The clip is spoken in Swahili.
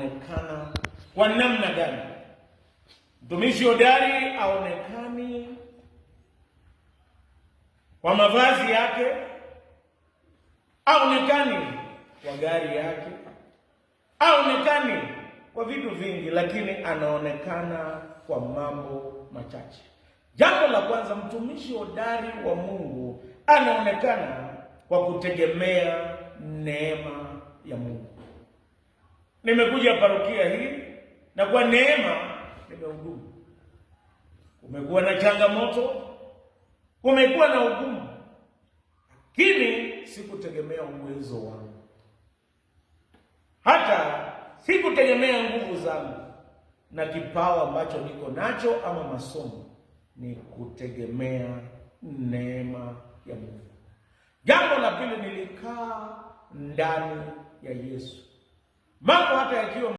Onekana kwa namna gani? Mtumishi hodari aonekani kwa mavazi yake, aonekani kwa gari yake, aonekani kwa vitu vingi, lakini anaonekana kwa mambo machache. Jambo la kwanza, mtumishi hodari wa Mungu anaonekana kwa kutegemea neema ya Mungu nimekuja parokia hii na kwa neema nimehudumu. Kumekuwa na changamoto, kumekuwa na ugumu, lakini sikutegemea uwezo wangu, hata sikutegemea nguvu zangu na kipawa ambacho niko nacho ama masomo, ni kutegemea neema ya Mungu. Jambo la pili, nilikaa ndani ya Yesu. mambo hata yakiwa